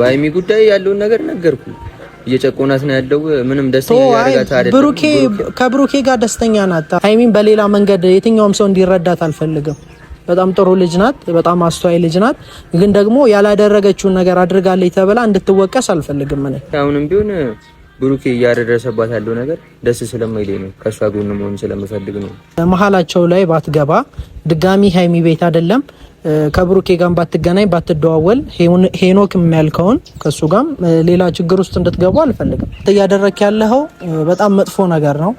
በሀይሚ ጉዳይ ያለውን ነገር ነገርኩ። እየጨቆናት ነው ያለው። ምንም ደስተኛ ያደርጋት አይደለም። ብሩኬ ከብሩኬ ጋር ደስተኛ ናት። ሀይሚን በሌላ መንገድ የትኛውም ሰው እንዲረዳት አልፈልግም። በጣም ጥሩ ልጅ ናት። በጣም አስተዋይ ልጅ ናት። ግን ደግሞ ያላደረገችውን ነገር አድርጋለች ተብላ እንድትወቀስ አልፈልግም። እኔ አሁንም ቢሆን ብሩኬ እያደረሰባት ያለው ነገር ደስ ስለማይለኝ ነው። ከእሷ ጎን መሆን ስለምፈልግ ነው። መሀላቸው ላይ ባትገባ ድጋሚ ሀይሚ ቤት አይደለም ከብሩኬ ጋር ባትገናኝ ባትደዋወል ሄኖክ የሚያልከውን ከሱ ጋም ሌላ ችግር ውስጥ እንድትገቡ አልፈልግም። እያደረክ ያለኸው በጣም መጥፎ ነገር ነው።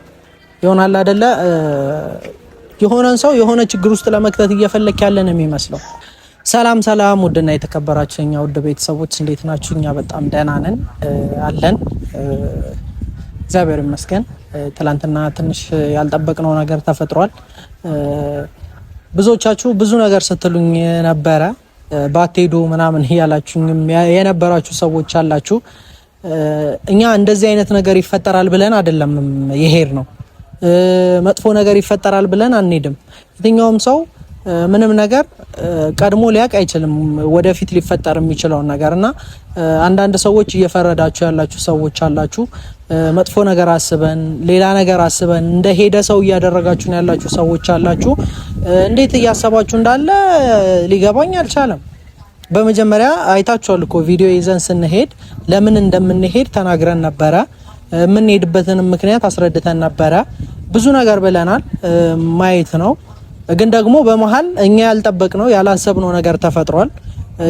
ይሆናል አደለ? የሆነን ሰው የሆነ ችግር ውስጥ ለመክተት እየፈለክ ያለን የሚመስለው። ሰላም ሰላም፣ ውድና የተከበራችሁ እኛ ውድ ቤተሰቦች እንዴት ናችሁ? እኛ በጣም ደህና ነን አለን፣ እግዚአብሔር ይመስገን። ትላንትና ትንሽ ያልጠበቅነው ነገር ተፈጥሯል። ብዙዎቻችሁ ብዙ ነገር ስትሉኝ ነበረ። ባትሄዱ ምናምን እያላችሁኝም የነበራችሁ ሰዎች አላችሁ። እኛ እንደዚህ አይነት ነገር ይፈጠራል ብለን አይደለም የሄድ ነው። መጥፎ ነገር ይፈጠራል ብለን አንሄድም። የትኛውም ሰው ምንም ነገር ቀድሞ ሊያውቅ አይችልም፣ ወደፊት ሊፈጠር የሚችለውን ነገር እና አንዳንድ ሰዎች እየፈረዳችሁ ያላችሁ ሰዎች አላችሁ። መጥፎ ነገር አስበን ሌላ ነገር አስበን እንደ ሄደ ሰው እያደረጋችሁ ያላችሁ ሰዎች አላችሁ። እንዴት እያሰባችሁ እንዳለ ሊገባኝ አልቻለም። በመጀመሪያ አይታችኋል እኮ ቪዲዮ ይዘን ስንሄድ ለምን እንደምንሄድ ተናግረን ነበረ። የምንሄድበትንም ምክንያት አስረድተን ነበረ። ብዙ ነገር ብለናል። ማየት ነው። ግን ደግሞ በመሀል እኛ ያልጠበቅነው ያላሰብነው ነገር ተፈጥሯል።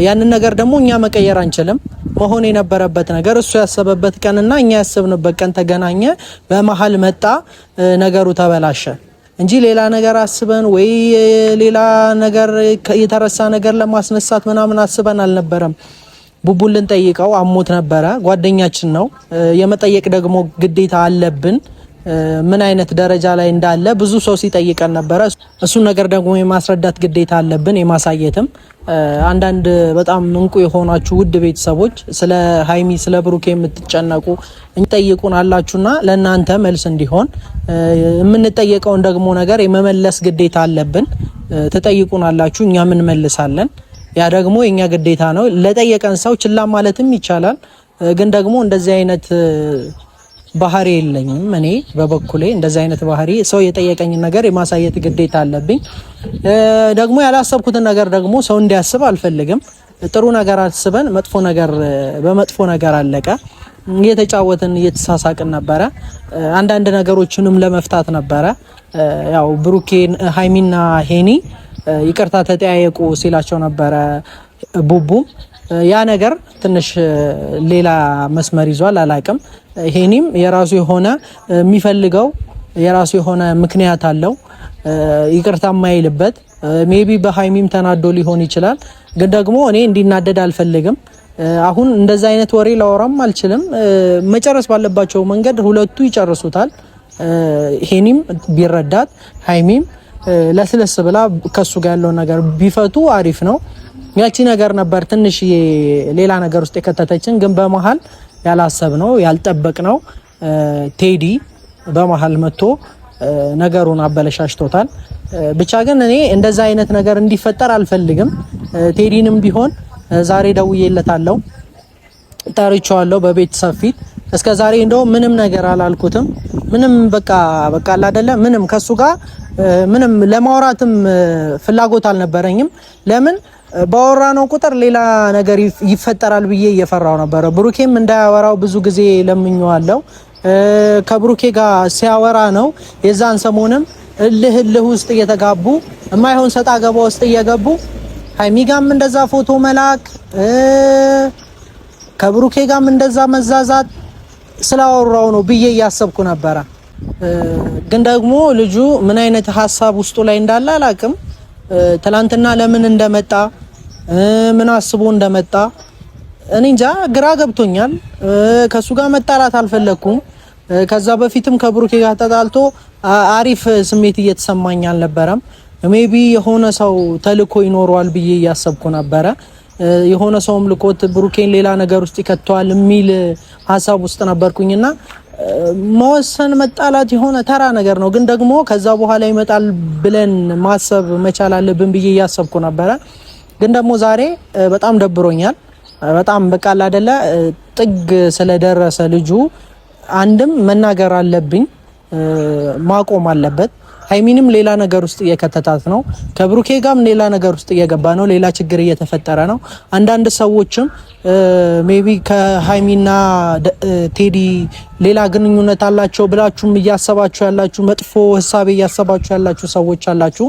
ያንን ነገር ደግሞ እኛ መቀየር አንችልም። መሆን የነበረበት ነገር እሱ ያሰበበት ቀንና እኛ ያሰብንበት ቀን ተገናኘ። በመሀል መጣ፣ ነገሩ ተበላሸ። እንጂ ሌላ ነገር አስበን ወይ ሌላ ነገር የተረሳ ነገር ለማስነሳት ምናምን አስበን አልነበረም። ቡቡን ልንጠይቀው አሞት ነበረ። ጓደኛችን ነው፣ የመጠየቅ ደግሞ ግዴታ አለብን። ምን አይነት ደረጃ ላይ እንዳለ ብዙ ሰው ሲጠይቀን ነበረ። እሱን ነገር ደግሞ የማስረዳት ግዴታ አለብን፣ የማሳየትም አንዳንድ በጣም እንቁ የሆናችሁ ውድ ቤተሰቦች ስለ ሀይሚ ስለ ብሩኬ የምትጨነቁ እንጠይቁን አላችሁና ለእናንተ መልስ እንዲሆን የምንጠየቀውን ደግሞ ነገር የመመለስ ግዴታ አለብን። ትጠይቁን አላችሁ፣ እኛም እንመልሳለን። ያ ደግሞ የኛ ግዴታ ነው። ለጠየቀን ሰው ችላ ማለትም ይቻላል፣ ግን ደግሞ እንደዚህ አይነት ባህሪ የለኝም። እኔ በበኩሌ እንደዚህ አይነት ባህሪ ሰው የጠየቀኝን ነገር የማሳየት ግዴታ አለብኝ። ደግሞ ያላሰብኩትን ነገር ደግሞ ሰው እንዲያስብ አልፈልግም። ጥሩ ነገር አስበን መጥፎ ነገር በመጥፎ ነገር አለቀ። እየተጫወትን እየተሳሳቅን ነበረ። አንዳንድ ነገሮችንም ለመፍታት ነበረ። ያው ብሩኬ ሀይሚና ሄኒ ይቅርታ ተጠያየቁ ሲላቸው ነበረ ቡቡም ያ ነገር ትንሽ ሌላ መስመር ይዟል። አላቅም። ሄኒም የራሱ የሆነ የሚፈልገው የራሱ የሆነ ምክንያት አለው። ይቅርታ የማይልበት ሜቢ በሀይሚም ተናዶ ሊሆን ይችላል። ግን ደግሞ እኔ እንዲናደድ አልፈልግም። አሁን እንደዛ አይነት ወሬ ላወራም አልችልም። መጨረስ ባለባቸው መንገድ ሁለቱ ይጨርሱታል። ሄኒም ቢረዳት ሀይሚም ለስለስ ብላ ከሱ ጋር ያለው ነገር ቢፈቱ አሪፍ ነው። ያቺ ነገር ነበር ትንሽ ሌላ ነገር ውስጥ የከተተችን። ግን በመሀል ያልጠበቅ ነው ቴዲ በመሀል መጥቶ ነገሩን አበለሻሽቶታል። ብቻ ግን እኔ እንደዛ አይነት ነገር እንዲፈጠር አልፈልግም። ቴዲንም ቢሆን ዛሬ ደውዬለታለሁ፣ ጠርቼዋለሁ በቤተሰብ ፊት። እስከ ዛሬ እንደው ምንም ነገር አላልኩትም። ምንም በቃ በቃ አይደለ፣ ምንም ከሱ ጋር ምንም ለማውራትም ፍላጎት አልነበረኝም። ለምን ባወራነው ነው ቁጥር ሌላ ነገር ይፈጠራል ብዬ እየፈራው ነበረ። ብሩኬም እንዳያወራው ብዙ ጊዜ ለምኜዋለሁ። ከብሩኬ ጋር ሲያወራ ነው የዛን ሰሞንም እልህ እልህ ውስጥ እየተጋቡ የማይሆን ሰጣ ገባ ውስጥ እየገቡ ሀይሚ ጋም እንደዛ ፎቶ መላክ ከብሩኬ ጋም እንደዛ መዛዛት ስላወራው ነው ብዬ እያሰብኩ ነበረ። ግን ደግሞ ልጁ ምን አይነት ሀሳብ ውስጡ ላይ እንዳለ አላቅም። ትላንትና ለምን እንደመጣ ምን አስቦ እንደመጣ እኔ እንጃ ግራ ገብቶኛል። ከሱ ጋር መጣላት አልፈለኩም። ከዛ በፊትም ከብሩኬ ጋር ተጣልቶ አሪፍ ስሜት እየተሰማኝ አልነበረም። ሜቢ የሆነ ሰው ተልኮ ይኖረዋል ብዬ እያሰብኩ ነበረ። የሆነ ሰውም ልኮት ብሩኬን ሌላ ነገር ውስጥ ይከተዋል የሚል ሀሳብ ውስጥ ነበርኩኝና መወሰን መጣላት የሆነ ተራ ነገር ነው፣ ግን ደግሞ ከዛ በኋላ ይመጣል ብለን ማሰብ መቻል አለብን ብዬ እያሰብኩ ነበረ። ግን ደግሞ ዛሬ በጣም ደብሮኛል። በጣም በቃል አይደለ ጥግ ስለደረሰ ልጁ አንድም መናገር አለብኝ፣ ማቆም አለበት። ሀይሚንም ሌላ ነገር ውስጥ እየከተታት ነው። ከብሩኬ ጋም ሌላ ነገር ውስጥ እየገባ ነው። ሌላ ችግር እየተፈጠረ ነው። አንዳንድ ሰዎችም ሜቢ ከሀይሚና ቴዲ ሌላ ግንኙነት አላቸው ብላችሁም እያሰባችሁ ያላችሁ መጥፎ ህሳቤ እያሰባችሁ ያላችሁ ሰዎች አላችሁ።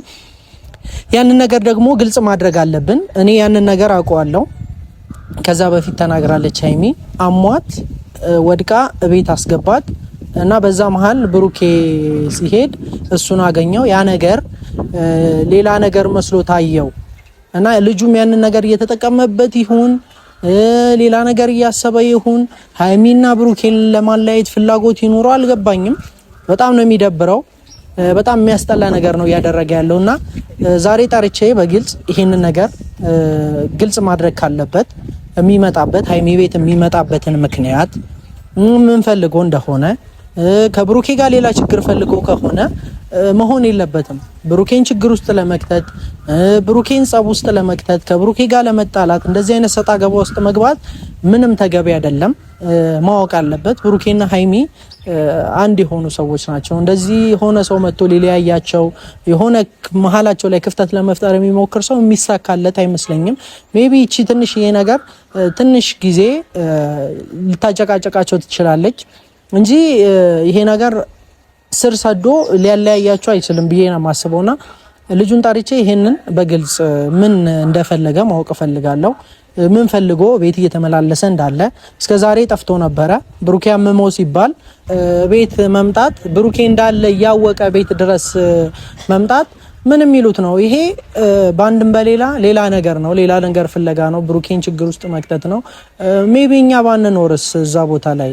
ያንን ነገር ደግሞ ግልጽ ማድረግ አለብን። እኔ ያንን ነገር አውቀዋለሁ። ከዛ በፊት ተናግራለች ሀይሚ አሟት ወድቃ እቤት አስገባት እና በዛ መሀል ብሩኬ ሲሄድ እሱን አገኘው። ያ ነገር ሌላ ነገር መስሎ ታየው እና ልጁም ያንን ነገር እየተጠቀመበት ይሁን ሌላ ነገር እያሰበ ይሁን ሀይሚና ብሩኬን ለማለያየት ፍላጎት ይኖረው አልገባኝም። በጣም ነው የሚደብረው። በጣም የሚያስጠላ ነገር ነው እያደረገ ያለው እና ዛሬ ጠርቼ በግልጽ ይህንን ነገር ግልጽ ማድረግ ካለበት የሚመጣበት ሀይሚ ቤት የሚመጣበትን ምክንያት ምን ፈልጎ እንደሆነ ከብሩኬ ጋር ሌላ ችግር ፈልጎ ከሆነ መሆን የለበትም። ብሩኬን ችግር ውስጥ ለመክተት ብሩኬን ጸብ ውስጥ ለመክተት ከብሩኬ ጋር ለመጣላት እንደዚህ አይነት ሰጣ ገባ ውስጥ መግባት ምንም ተገቢ አይደለም። ማወቅ አለበት ብሩኬና ሀይሚ አንድ የሆኑ ሰዎች ናቸው። እንደዚህ የሆነ ሰው መጥቶ ሊለያያቸው የሆነ መሀላቸው ላይ ክፍተት ለመፍጠር የሚሞክር ሰው የሚሳካለት አይመስለኝም። ሜቢ ይቺ ትንሽዬ ነገር ትንሽ ጊዜ ልታጨቃጨቃቸው ትችላለች። እንጂ ይሄ ነገር ስር ሰዶ ሊያለያያቸው አይችልም ብዬ ነው የማስበውና ልጁን ጠርቼ ይሄንን በግልጽ ምን እንደፈለገ ማወቅ እፈልጋለሁ። ምን ፈልጎ ቤት እየተመላለሰ እንዳለ እስከ ዛሬ ጠፍቶ ነበረ። ብሩኬ አመመው ሲባል ቤት መምጣት ብሩኬ እንዳለ እያወቀ ቤት ድረስ መምጣት ምን የሚሉት ነው? ይሄ በአንድም በሌላ ሌላ ነገር ነው። ሌላ ነገር ፍለጋ ነው። ብሩኬን ችግር ውስጥ መክተት ነው። ሜቢ እኛ ባንኖርስ እዛ ቦታ ላይ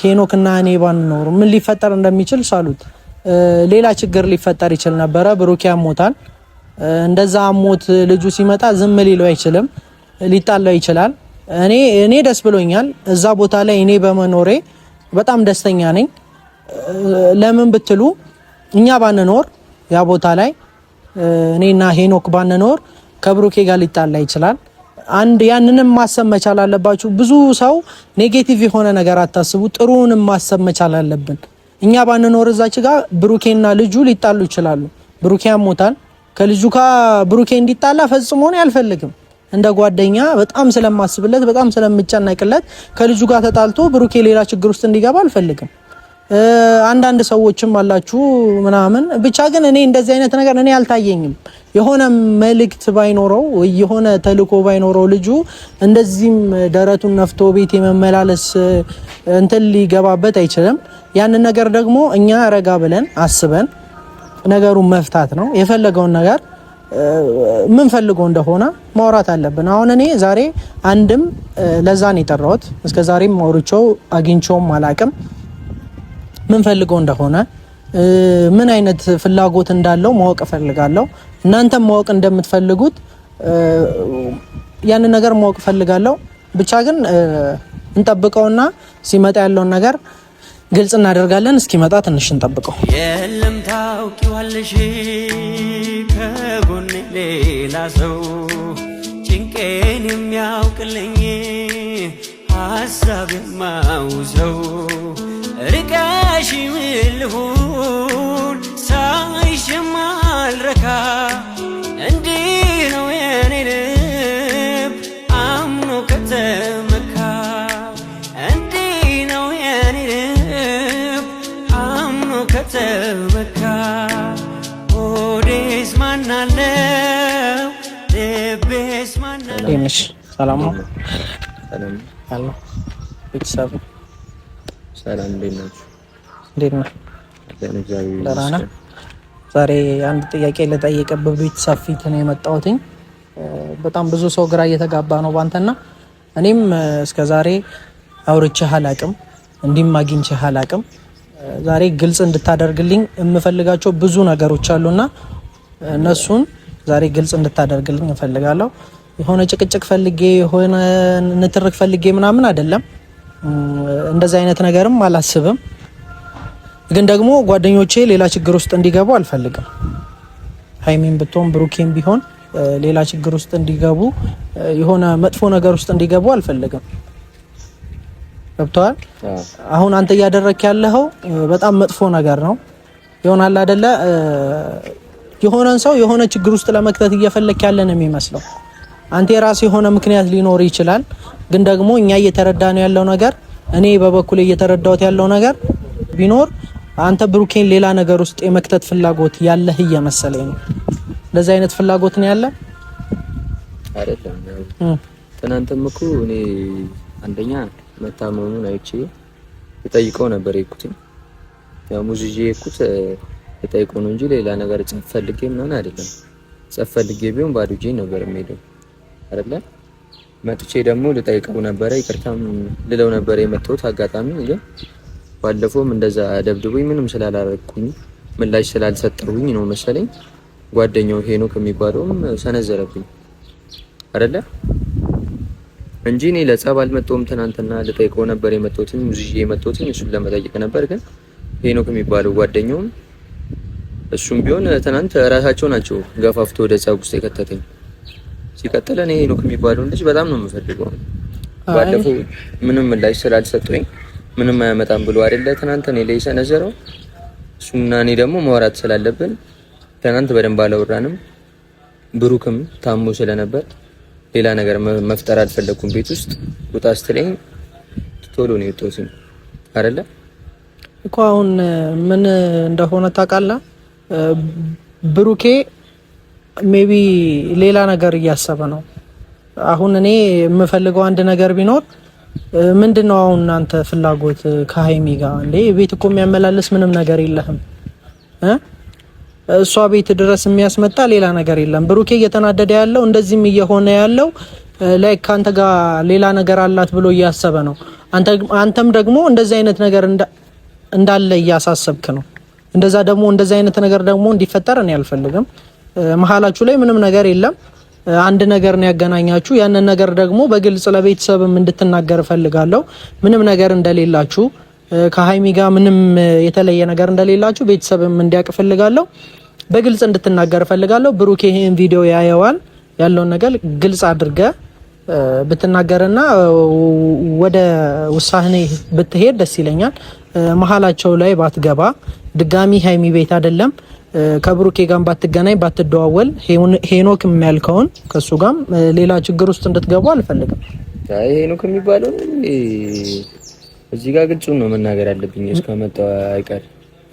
ሄኖክ እና እኔ ባንኖር ምን ሊፈጠር እንደሚችል ሳሉት ሌላ ችግር ሊፈጠር ይችል ነበረ። ብሩኪ ያሞታል። እንደዛ አሞት ልጁ ሲመጣ ዝም ሊለው አይችልም፣ ሊጣላው ይችላል። እኔ እኔ ደስ ብሎኛል እዛ ቦታ ላይ እኔ በመኖሬ በጣም ደስተኛ ነኝ። ለምን ብትሉ እኛ ባንኖር ያ ቦታ ላይ እኔና ሄኖክ ባንኖር ከብሩኬ ጋር ሊጣላ ይችላል አንድ ያንንም ማሰብ መቻል አለባችሁ። ብዙ ሰው ኔጌቲቭ የሆነ ነገር አታስቡ፣ ጥሩንም ማሰብ መቻል አለብን። እኛ ባንኖር እዛች ጋር ብሩኬና ልጁ ሊጣሉ ይችላሉ። ብሩኬ አሞታል። ከልጁ ጋር ብሩኬ እንዲጣላ ፈጽሞ ነው አልፈልግም። እንደ ጓደኛ በጣም ስለማስብለት፣ በጣም ስለምጨነቅለት ከልጁ ጋር ተጣልቶ ብሩኬ ሌላ ችግር ውስጥ እንዲገባ አልፈልግም። አንዳንድ ሰዎችም አላችሁ ምናምን። ብቻ ግን እኔ እንደዚህ አይነት ነገር እኔ አልታየኝም። የሆነ መልእክት ባይኖረው የሆነ ተልእኮ ባይኖረው ልጁ እንደዚህም ደረቱን ነፍቶ ቤት የመመላለስ እንትን ሊገባበት አይችልም። ያንን ነገር ደግሞ እኛ ረጋ ብለን አስበን ነገሩን መፍታት ነው የፈለገውን ነገር ምን ፈልጎ እንደሆነ ማውራት አለብን። አሁን እኔ ዛሬ አንድም ለዛ ነው የጠራሁት። እስከ ዛሬም አውርቼው አግኝቼውም አላቅም። ምን ፈልገው እንደሆነ ምን አይነት ፍላጎት እንዳለው ማወቅ እፈልጋለሁ። እናንተም ማወቅ እንደምትፈልጉት ያንን ነገር ማወቅ እፈልጋለሁ። ብቻ ግን እንጠብቀውና ሲመጣ ያለውን ነገር ግልጽ እናደርጋለን። እስኪመጣ ትንሽ እንጠብቀው። የለም ታውቂዋለሽ፣ ከጎን ሌላ ሰው ጭንቄን የሚያውቅልኝ ሀሳብ የማውሰው ሳይሽ ምልሁን ሳይሽ ማልረካ እንዲህ ነው የኔ ልብ አምኖ ከተመካ እንዲህ ነው የኔ ልብ አምኖ ከተመካ ሆዴስ ማናለው ልቤስ ሰላም ነው ቤተሰብ ሰላም እንዴት ናችሁ? እንዴት ነው? ደህና ነህ? ዛሬ አንድ ጥያቄ ለጠየቀ በቤተሰብ ፊት ነው የመጣሁትኝ። በጣም ብዙ ሰው ግራ እየተጋባ ነው ባንተና እኔም እስከ ዛሬ አውርቼህ አላቅም፣ እንዲህም አግኝቼህ አላቅም። ዛሬ ግልጽ እንድታደርግልኝ የምፈልጋቸው ብዙ ነገሮች አሉና እነሱን ዛሬ ግልጽ እንድታደርግልኝ እፈልጋለሁ። የሆነ ጭቅጭቅ ፈልጌ የሆነ ንትርክ ፈልጌ ምናምን አይደለም። እንደዚህ አይነት ነገርም አላስብም። ግን ደግሞ ጓደኞቼ ሌላ ችግር ውስጥ እንዲገቡ አልፈልግም። ሀይሜን ብትሆን ብሩኬም ቢሆን ሌላ ችግር ውስጥ እንዲገቡ የሆነ መጥፎ ነገር ውስጥ እንዲገቡ አልፈልግም። ገብተዋል። አሁን አንተ እያደረክ ያለኸው በጣም መጥፎ ነገር ነው። ይሆናል አይደለ? የሆነን ሰው የሆነ ችግር ውስጥ ለመክተት እየፈለክ ያለ ነው የሚመስለው። አንተ የራስህ የሆነ ምክንያት ሊኖር ይችላል። ግን ደግሞ እኛ እየተረዳ ነው ያለው ነገር እኔ በበኩል እየተረዳሁት ያለው ነገር ቢኖር አንተ ብሩኬን ሌላ ነገር ውስጥ የመክተት ፍላጎት ያለህ እየመሰለኝ ነው። ለዚህ አይነት ፍላጎት ነው ያለ አይደለም። ትናንትም እኮ እኔ አንደኛ መታመሙን አይቼ የጠይቀው ነበር የሄድኩትኝ ያው ሙዚዬ የሄድኩት የጠይቀው ነው እንጂ ሌላ ነገር ጸብ ፈልጌ ምናምን አይደለም። ጸብ ፈልጌ ቢሆን ባዶ እጄን ነበር የምሄደው አይደለ። መጥቼ ደግሞ ልጠይቀው ነበረ ይቅርታም ልለው ነበረ የመጣሁት አጋጣሚ ግን ባለፈውም እንደዛ ደብድቦኝ ምንም ስላላረኩኝ ምላሽ ስላልሰጠሁኝ ነው መሰለኝ ጓደኛው ሄኖክ የሚባለውም ሰነዘረብኝ አይደለ እንጂ እኔ ለጸብ አልመጣሁም። ትናንትና ልጠይቀው ነበር የመጣሁትኝ ሙዚዬ የመጣሁትኝ እሱን ለመጠየቅ ነበር። ግን ሄኖክ የሚባለው ጓደኛውም እሱም ቢሆን ትናንት እራሳቸው ናቸው ገፋፍቶ ወደ ጸብ ውስጥ የከተተኝ። ሲቀጥል እኔ ሄኖክ የሚባለውን ልጅ በጣም ነው የምፈልገው። ባለፈው ምንም ምላሽ ስላልሰጠኝ ምንም አያመጣም ብሎ አይደለ ትናንት እኔ ላይ ሰነዘረው። እሱና እኔ ደግሞ ማውራት ስላለብን ትናንት በደንብ አላወራንም። ብሩክም ታሞ ስለነበር ሌላ ነገር መፍጠር አልፈለግኩም። ቤት ውስጥ ውጣ ስትለኝ ቶሎ ነው የወጣሁት አይደለ እኮ። አሁን ምን እንደሆነ ታውቃለህ ብሩኬ ሜቢ ሌላ ነገር እያሰበ ነው። አሁን እኔ የምፈልገው አንድ ነገር ቢኖር ምንድን ነው አሁን እናንተ ፍላጎት ከሀይሚ ጋር እንዴ? ቤት እኮ የሚያመላልስ ምንም ነገር የለህም እሷ ቤት ድረስ የሚያስመጣ ሌላ ነገር የለም። ብሩኬ እየተናደደ ያለው እንደዚህም እየሆነ ያለው ላይ ከአንተ ጋር ሌላ ነገር አላት ብሎ እያሰበ ነው። አንተም ደግሞ እንደዚህ አይነት ነገር እንዳለ እያሳሰብክ ነው። እንደዛ ደግሞ እንደዚህ አይነት ነገር ደግሞ እንዲፈጠር እኔ አልፈልግም። መሀላችሁ ላይ ምንም ነገር የለም። አንድ ነገር ነው ያገናኛችሁ። ያንን ነገር ደግሞ በግልጽ ለቤተሰብም እንድትናገር እፈልጋለሁ። ምንም ነገር እንደሌላችሁ ከሀይሚ ጋር ምንም የተለየ ነገር እንደሌላችሁ ቤተሰብም እንዲያውቅ እፈልጋለሁ። በግልጽ እንድትናገር እፈልጋለሁ። ብሩክ ይሄን ቪዲዮ ያየዋል። ያለውን ነገር ግልጽ አድርገ ብትናገርና ወደ ውሳኔ ብትሄድ ደስ ይለኛል። መሀላቸው ላይ ባትገባ ድጋሚ ሀይሚ ቤት አይደለም ከብሩኬ ጋር ባትገናኝ ባትደዋወል ሄኖክ የሚያልከውን ከሱ ጋር ሌላ ችግር ውስጥ እንድትገቡ አልፈልግም። ሄኖክ የሚባለው እዚህ ጋር ግልጹ ነው መናገር አለብኝ እስከመጣ አይቀር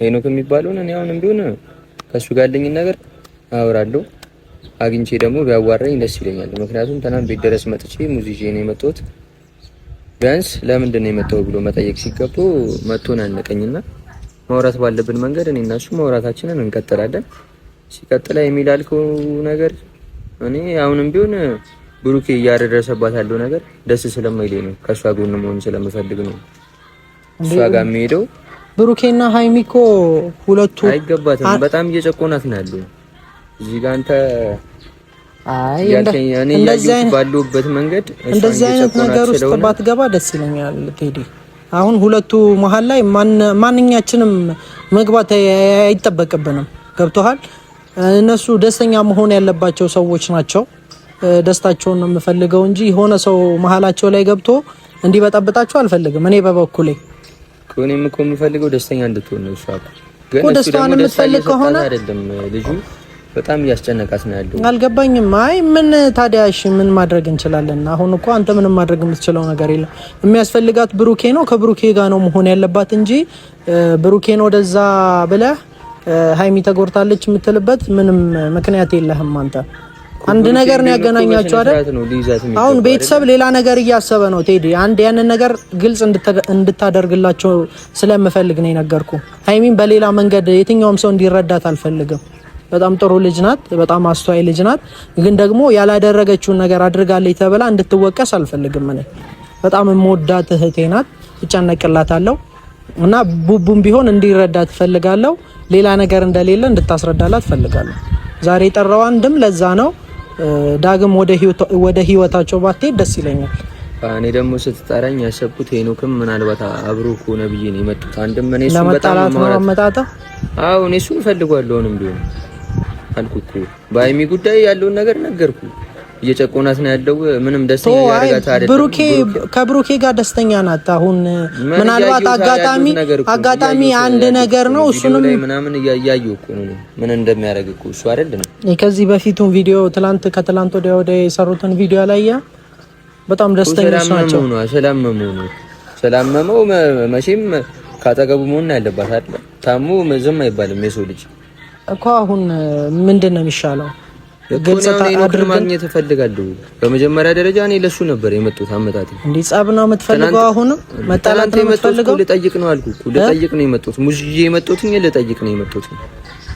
ሄኖክ የሚባለውን እኔ አሁንም ቢሆን ከሱ ጋር ያለኝን ነገር አወራለሁ። አግኝቼ ደግሞ ቢያዋራኝ ደስ ይለኛል። ምክንያቱም ትናንት ቤት ድረስ መጥቼ ሙዚዬ ነው የመጣሁት። ቢያንስ ለምንድን ነው የመጣው ብሎ መጠየቅ ሲገባው መጥቶን አነቀኝና ማውራት ባለብን መንገድ እኔ እና እሱ ማውራታችንን እንቀጥላለን። ሲቀጥላ የሚል ነገር እኔ አሁንም ቢሆን ብሩኬ እያደረሰባት ያለው ነገር ደስ ስለማይለኝ ነው። ከእሷ ጎን መሆን ስለምፈልግ ነው እሷ ጋር የሚሄደው። ብሩኬና ሃይሚ እኮ ሁለቱ አይገባትም። በጣም እየጨቆናት ነው ያለው እዚህ ጋር አንተ እንደዚህ አይነት ነገር ውስጥ ባትገባ ደስ ይለኛል ቴዲ አሁን ሁለቱ መሀል ላይ ማንኛችንም መግባት አይጠበቅብንም። ገብቶሃል? እነሱ ደስተኛ መሆን ያለባቸው ሰዎች ናቸው። ደስታቸውን ነው የምፈልገው እንጂ የሆነ ሰው መሀላቸው ላይ ገብቶ እንዲበጠብጣቸው አልፈልግም። እኔ በበኩሌ እኔም እኮ የምፈልገው ደስተኛ እንድትሆን ነው። ደስታዋን የምትፈልግ ከሆነ አይደለም ልጁ በጣም እያስጨነቃት ነው ያለው። አልገባኝም። አይ ምን ታዲያ እሺ ምን ማድረግ እንችላለን? አሁን እኮ አንተ ምንም ማድረግ የምትችለው ነገር የለም። የሚያስፈልጋት ብሩኬ ነው። ከብሩኬ ጋር ነው መሆን ያለባት እንጂ ብሩኬን ወደዛ ብለህ ሀይሚ ተጎድታለች የምትልበት ምንም ምክንያት የለህም አንተ አንድ ነገር ነው ያገናኛችሁ አይደል? አሁን ቤተሰብ ሌላ ነገር እያሰበ ነው ቴዲ። አንድ ያንን ነገር ግልጽ እንድታደርግላቸው ስለምፈልግ ነው የነገርኩ። ሀይሚን በሌላ መንገድ የትኛውም ሰው እንዲረዳት አልፈልግም። በጣም ጥሩ ልጅ ናት፣ በጣም አስተዋይ ልጅ ናት። ግን ደግሞ ያላደረገችውን ነገር አድርጋለች ተብላ እንድትወቀስ አልፈልግም። እኔ በጣም የምወዳት እህቴ ናት፣ እጨነቅላታለሁ እና ቡቡም ቢሆን እንዲረዳ እፈልጋለሁ። ሌላ ነገር እንደሌለ እንድታስረዳላት ትፈልጋለሁ። ዛሬ የጠራው አንድም ለዛ ነው። ዳግም ወደ ህይወታቸው ባትሄድ ደስ ይለኛል። እኔ ደግሞ ስትጠራኝ ያሰብኩት ሄኖክም ምናልባት አብሮ ከሆነ ብዬ ነው የመጡት። አንድም እኔ እሱን በጣም ለመጣላት ነው አመጣጣ። አዎ እኔ እሱን እፈልጓለሁ ቢሆን አልኩ እኮ በሀይሚ ጉዳይ ያለውን ነገር ነገርኩ። እየጨቆናት ነው ያለው። ምንም ደስተኛ ያደርጋት አይደለም። ብሩኬ ከብሩኬ ጋር ደስተኛ ናት። አሁን ምናልባት አጋጣሚ አጋጣሚ አንድ ነገር ነው። እሱንም ምናምን እያየሁ እኮ ነው ምን እንደሚያደርግ እኮ እሱ አይደለም። ከዚህ በፊቱን ቪዲዮ ትላንት ከትላንት ወዲያ ወደ የሰሩትን ቪዲዮ ላይ ያ በጣም ደስተኛ ናቸው። ስላመመው ነው ስላመመው መቼም ካጠገቡ መሆን ያለባት አይደለም። ታሙ ዝም አይባልም የሰው ልጅ እኮ አሁን ምንድን ነው የሚሻለው? ገጽታ አድርገን ማግኘት እፈልጋለሁ። በመጀመሪያ ደረጃ እኔ ለሱ ነበር የመጡት አመጣጥ እንዴ ጻብ ነው የምትፈልገው? አሁን መጣላት ነው የምትፈልገው? ልጠይቅ ነው አልኩ እኮ ልጠይቅ ነው የመጡት ሙዚዬ የመጡት እኔ ልጠይቅ ነው የመጡት።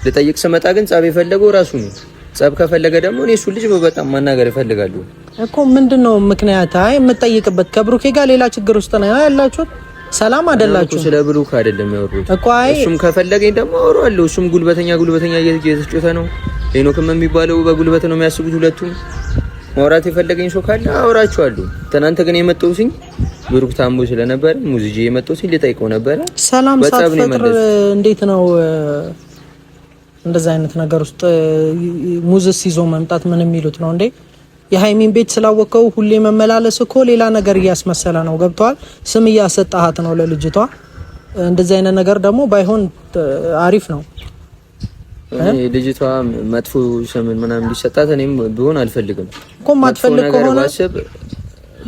ልጠይቅ ስመጣ ግን ጻብ የፈለገው ራሱ ነው። ጻብ ከፈለገ ደግሞ እኔ እሱ ልጅ በጣም ማናገር እፈልጋለሁ እኮ ምንድነው ምክንያት? አይ የምጠይቅበት ከብሩኬ ጋር ሌላ ችግር ውስጥ ነው ያላችሁት ሰላም አደላችሁ ስለ ብሩክ አይደለም ያወሩት እኮ። አይ እሱም ከፈለገኝ ደግሞ አወራለሁ። እሱም ጉልበተኛ ጉልበተኛ እየተጫወተ ነው። ሄኖክም የሚባለው በጉልበት ነው የሚያስቡት። ሁለቱም ማውራት የፈለገኝ ሰው ካለ አወራችኋለሁ። ትናንተ ግን የመጣሁትኝ ብሩክ ታምቦ ስለነበረ ሙዚጂ የመጣሁትኝ ልጠይቀው ነበረ። ሰላም ሳትፈጥር እንዴት ነው እንደዚህ አይነት ነገር ውስጥ ሙዝስ ይዞ መምጣት ምን የሚሉት ነው እንዴ? የሀይሚን ቤት ስላወቀው ሁሌ መመላለስ እኮ ሌላ ነገር እያስመሰለ ነው። ገብተዋል። ስም እያሰጣሃት ነው ለልጅቷ። እንደዚህ አይነት ነገር ደግሞ ባይሆን አሪፍ ነው። ልጅቷ መጥፎ ስምን ምናምን ሊሰጣት እኔም ቢሆን አልፈልግም እኮ ማትፈልግ ከሆነ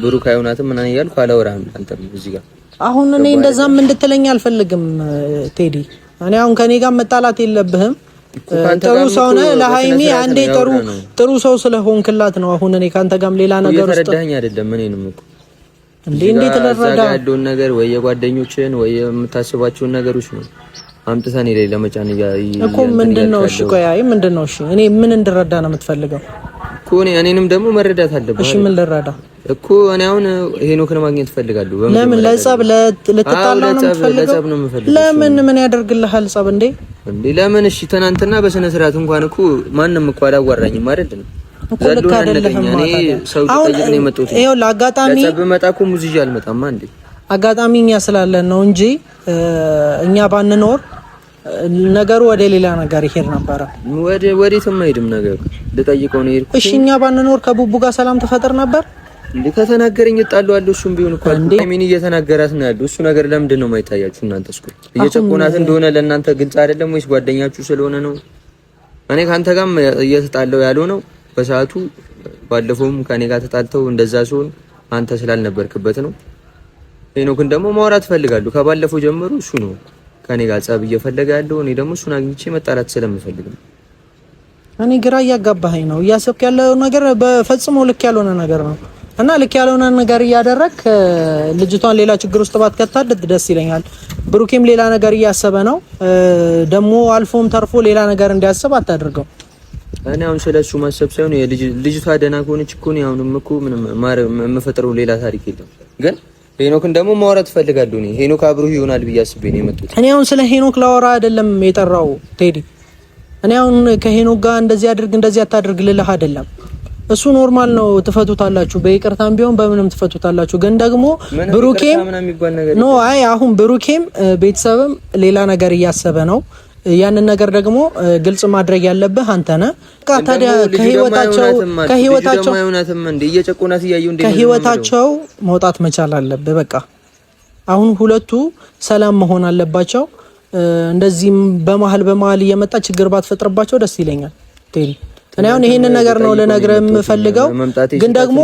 ብሩክ አይሆናትም ምናምን እያልኩ አላወራህም አንተም እዚህ ጋር አሁን እኔ እንደዛም እንድትለኝ አልፈልግም ቴዲ። እኔ አሁን ከኔ ጋር መጣላት የለብህም ጥሩ ሰው ነህ ለሀይሚ አንዴ ጥሩ ጥሩ ሰው ስለሆንክላት ነው። አሁን እኔ ካንተ ጋርም ሌላ ነገር ውስጥ ተረዳኝ አይደለም እኔንም እኮ እንዴ እንዴት ተረዳ ያለውን ነገር ወይ የጓደኞችን ወይ የምታስባቸውን ነገሮች ነው አምጥተህ እኔ ላይ ለመጫን እኮ ምንድን ነው? እሺ ቆይ አይ ምንድን ነው? እሺ እኔ ምን እንድረዳ ነው የምትፈልገው? እኮ እኔ እኔንም ደግሞ መረዳት አለብህ። እሺ ምን ልረዳ እኮ እኔ አሁን ሄኖክን ማግኘት እፈልጋለሁ። ለምን ለጸብ ልትጣላ ነው የምትፈልገው? ለምን ምን ያደርግልሃል ጸብ እንዴ? እንዴ ለምን? እሺ ትናንትና በስነ ስርዓት እንኳን እኮ ማንም እኮ አላዋራኝም አይደል? አይደለም እኔ ሰው ነው አጋጣሚ እኛ ስላለን ነው እንጂ እኛ ባንኖር ነገሩ ወደ ሌላ ነገር ይሄድ ነበረ። ወዴትም አይሄድም ነገሩ። ልጠይቀው ነው የሄድኩት። እሺ እኛ ባንኖር ከቡቡ ጋር ሰላም ተፈጥር ነበር። እንዴ ከተናገረኝ እጣለዋለሁ። እሱም ቢሆን እኮ እንዴ ምን እየተናገራት ነው ያለው? እሱ ነገር ለምንድን ነው የማይታያችሁ እናንተ? እስኩ እየጨቆናት እንደሆነ ለእናንተ ግልጽ አይደለም ወይስ ጓደኛችሁ ስለሆነ ነው? እኔ ካንተ ጋርም እየተጣለው ያለው ነው በሰዓቱ ባለፈውም ከኔ ጋር ተጣልተው እንደዛ ሲሆን አንተ ስላልነበርክበት ነው። ሄኖክን ደግሞ ማውራት እፈልጋለሁ። ከባለፈው ጀምሮ እሱ ነው ከኔ ጋር ጸብ እየፈለገ ያለው። እኔ ደግሞ እሱን አግኝቼ መጣላት ስለምፈልግ ነው። እኔ ግራ እያጋባኸኝ ነው። እያሰብክ ያለው ነገር በፈጽሞ ልክ ያልሆነ ነገር ነው። እና ልክ ያልሆነ ነገር እያደረግ ልጅቷን ሌላ ችግር ውስጥ ባትከታት ደስ ይለኛል። ብሩኬም ሌላ ነገር እያሰበ ነው። ደግሞ አልፎም ተርፎ ሌላ ነገር እንዲያስብ አታድርገው። እኔ አሁን ስለሱ ማሰብ ሳይሆን ልጅቷ ደህና ከሆነች እኮ ነው። አሁንም እኮ ምንም የምፈጥረው ሌላ ታሪክ የለም። ግን ሄኖክን ደግሞ ማውራት እፈልጋለሁ። እኔ ሄኖክ አብሮ ይሆናል ብዬ አስቤ ነው የመጡት። እኔ አሁን ስለ ሄኖክ ላወራ አይደለም የጠራው ቴዲ። እኔ አሁን ከሄኖክ ጋር እንደዚህ አድርግ እንደዚህ አታድርግ ልልህ አይደለም እሱ ኖርማል ነው። ትፈቱታላችሁ፣ በይቅርታም ቢሆን በምንም ትፈቱታላችሁ። ግን ደግሞ ብሩኬም ኖ አይ አሁን ብሩኬም ቤተሰብም ሌላ ነገር እያሰበ ነው። ያንን ነገር ደግሞ ግልጽ ማድረግ ያለብህ አንተ ነህ። ታዲያ ከህይወታቸው ከህይወታቸው ከህይወታቸው መውጣት መቻል አለብህ። በቃ አሁን ሁለቱ ሰላም መሆን አለባቸው። እንደዚህም በመሀል በመሀል እየመጣ ችግር ባትፈጥርባቸው ደስ ይለኛል ቴዲ እኔ አሁን ይሄንን ነገር ነው ልነግርህ የምፈልገው። ግን ደግሞ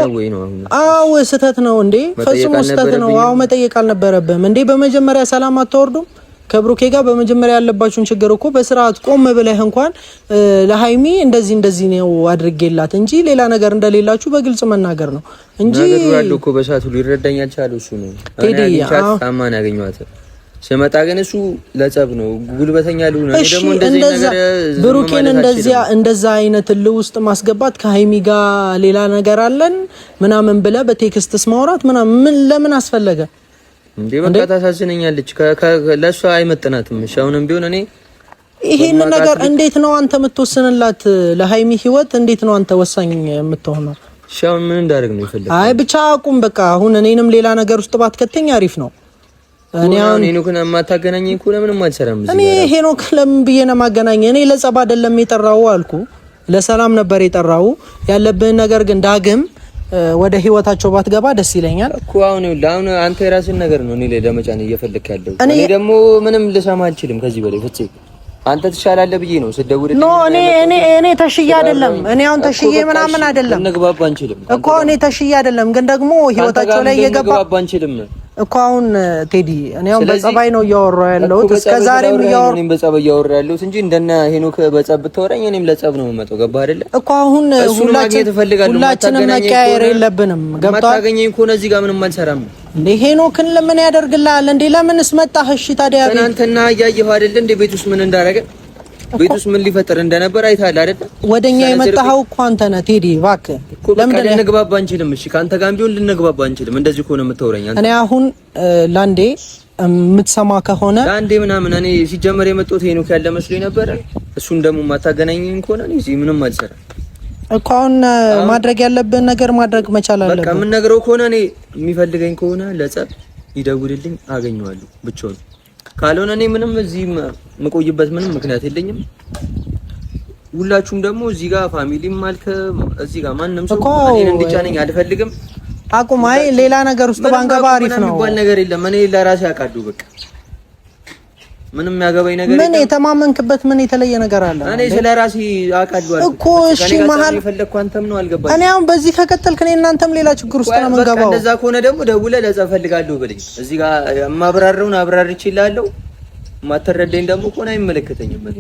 አዎ ስህተት ነው እንዴ፣ ፈጽሞ ስህተት ነው። አዎ መጠየቅ አልነበረብህም እንዴ። በመጀመሪያ ሰላም አታወርዱም ከብሩኬ ጋር በመጀመሪያ ያለባችሁን ችግር እኮ በስርዓት ቆም ብለህ እንኳን ለሀይሚ እንደዚህ እንደዚህ ነው አድርጌላት እንጂ ሌላ ነገር እንደሌላችሁ በግልጽ መናገር ነው እንጂ ነገሩ ያለው እኮ በሰዓቱ ሊረዳኝ አልቻለ። እሱ ነው ቴዲ ስመጣ ግን እሱ ለጸብ ነው፣ ጉልበተኛ ልሁን ነው ደግሞ እንደዚህ ነገር ብሩኬን እንደዚያ እንደዛ አይነት ልህ ውስጥ ማስገባት ከሀይሚ ጋር ሌላ ነገር አለን ምናምን ብለህ በቴክስትስ ማውራት ምናምን ለምን አስፈለገ እንዴ? በቃ ታሳዝነኛለች። ለእሷ አይመጥናትም። እሺ አሁንም ቢሆን እኔ ይሄን ነገር እንዴት ነው አንተ የምትወስንላት? ለሀይሚ ህይወት እንዴት ነው አንተ ወሳኝ የምትሆነው? ሻው ምን እንዳደርግ ነው ይፈልግ? አይ ብቻ አቁም በቃ። አሁን እኔንም ሌላ ነገር ውስጥ ባትከተኝ አሪፍ ነው። እኔ አሁን ሄኖክን የማታገናኝ እኮ ለምንም አልሰራም። እኔ ሄኖክ ለምን ብዬ ነው የማገናኝ? እኔ ለጸብ አይደለም የጠራው አልኩ፣ ለሰላም ነበር የጠራው። ያለብህን ነገር ግን ዳግም ወደ ህይወታቸው ባትገባ ደስ ይለኛል እኮ። አሁን አሁን አንተ የራስን ነገር ነው እኔ ላይ ለመጫን እየፈለክ ያለው። እኔ ደግሞ ምንም ልሰማ አልችልም ከዚህ በላይ ፍፄ አንተ ትሻላለህ ብዬ ነው ስደውል። ኖ እኔ እኔ እኔ ተሽዬ አይደለም። እኔ አሁን ተሽዬ ምናምን አይደለም። እንግባባ አንችልም እኮ እኔ ተሽዬ አይደለም፣ ግን ደግሞ ህይወታቸው ላይ እየገባ እንግባባ አንችልም እኮ አሁን ቴዲ እኔ አሁን በጸባይ ነው እያወራሁ ያለሁት። እስከ ዛሬም እያወራሁ እኔም በጸባይ እያወራሁ ያለሁት እንጂ እንደነ ሄኖክ በጸብ ብታወራኝ እኔም ለጸብ ነው የምመጣው። ገባህ አይደለ? እኮ አሁን ሁላችንም መቀያየር የለብንም። ገብቶሃል? ማታገኘኝ ከሆነ እዚህ ጋር ምንም አልሰራም። እንዴ ሄኖክን ለምን ያደርግልሃል እንዴ? ለምንስ መጣህ? እሺ ታዲያ ትናንትና እያየሁ አይደለ እንዴ ቤት ውስጥ ምን እንዳደረገ ቤት ውስጥ ምን ሊፈጠር እንደነበር አይተሃል አይደል? ወደኛ የመጣኸው እኮ አንተ ነህ ቴዲ። እባክህ ለምን ልንግባባ አንችልም? እሺ ከአንተ ጋር ቢሆን ልንግባባ አንችልም። እንደዚህ ከሆነ የምታወራኝ እኔ አሁን ላንዴ የምትሰማ ከሆነ ላንዴ ምናምን እኔ ሲጀመር የመጣሁት ሄኖክ ያለ መስሎኝ ነበረ። እሱን ደግሞ የማታገናኘኝ ከሆነ እኔ እዚህ ምንም አልሰራም እኮ። አሁን ማድረግ ያለብን ነገር ማድረግ መቻል አለብን። በቃ የምንነግረው ከሆነ እኔ የሚፈልገኝ ከሆነ ለጸብ ይደውልልኝ፣ አገኘዋለሁ ብቻውን ካልሆነ እኔ ምንም እዚህ የምቆይበት ምንም ምክንያት የለኝም። ሁላችሁም ደግሞ እዚህ ጋር ፋሚሊም አልከ እዚህ ጋር ማንም ሰው እኔን እንዲጫነኝ አልፈልግም። አቁም። አይ ሌላ ነገር ውስጥ ባንገባ አሪፍ ነው የሚባል ነገር የለም። እኔ ለራሴ አውቃለሁ በቃ ምንም ያገባኝ ነገር ምን የተማመንክበት ምን የተለየ ነገር አለ? እኔ ስለ ራሴ አውቃለሁ እኮ እሺ። መሀል የፈለግኩ አንተም ነው አልገባኝ። እኔ አሁን በዚህ ከቀጠልክ እኔ እናንተም ሌላ ችግር ውስጥ ነው የምንገባው። እንደዛ ከሆነ ደግሞ ደውለህ ለዛ እፈልጋለሁ ብለኝ እዚህ ጋር የማብራረውን አብራርቼ እልሃለሁ። የማትረዳኝ ደግሞ ከሆነ አይመለከተኝም።